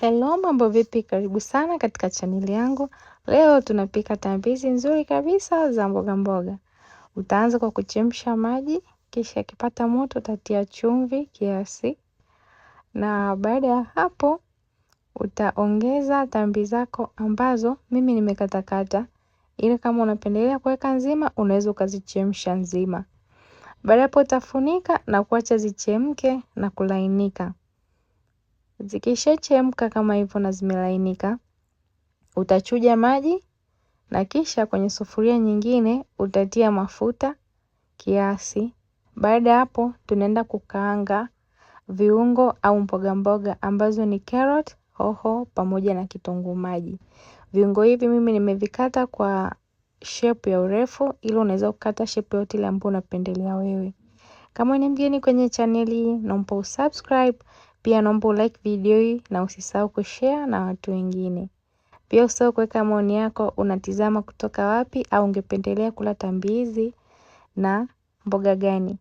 Hello, mambo vipi? Karibu sana katika chaneli yangu. Leo tunapika tambizi nzuri kabisa za mboga mboga. Utaanza kwa kuchemsha maji, kisha kipata moto utatia chumvi kiasi, na baada ya hapo utaongeza tambi zako ambazo mimi nimekatakata, ili kama unapendelea kuweka nzima unaweza ukazichemsha nzima. Baada hapo utafunika na kuacha zichemke na kulainika. Zikishachemka kama hivyo na zimelainika, utachuja maji na kisha kwenye sufuria nyingine utatia mafuta kiasi. Baada ya hapo tunaenda kukaanga viungo au mboga mboga ambazo ni carrot, hoho pamoja na kitunguu maji. Viungo hivi mimi nimevikata kwa shape ya urefu ili unaweza kukata shape yote ile ambayo unapendelea wewe. Kama ni mgeni kwenye chaneli naomba usubscribe pia naomba ulike video hii na usisahau kushare na watu wengine. Pia usisahau kuweka maoni yako, unatizama kutoka wapi au ungependelea kula tambizi na mboga gani.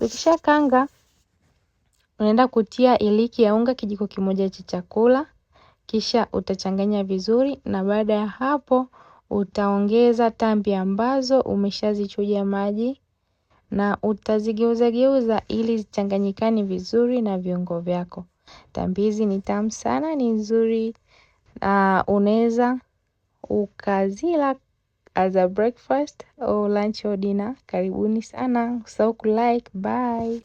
Ukisha kanga, unaenda kutia iliki ya unga kijiko kimoja cha chakula, kisha utachanganya vizuri na baada ya hapo utaongeza tambi ambazo umeshazichuja maji na utazigeuzageuza ili zichanganyikane vizuri na viungo vyako. tambizi ni tamu sana, ni nzuri na unaweza ukazila as a breakfast au lunch au dinner. Karibuni sana, usisahau kulike, bye.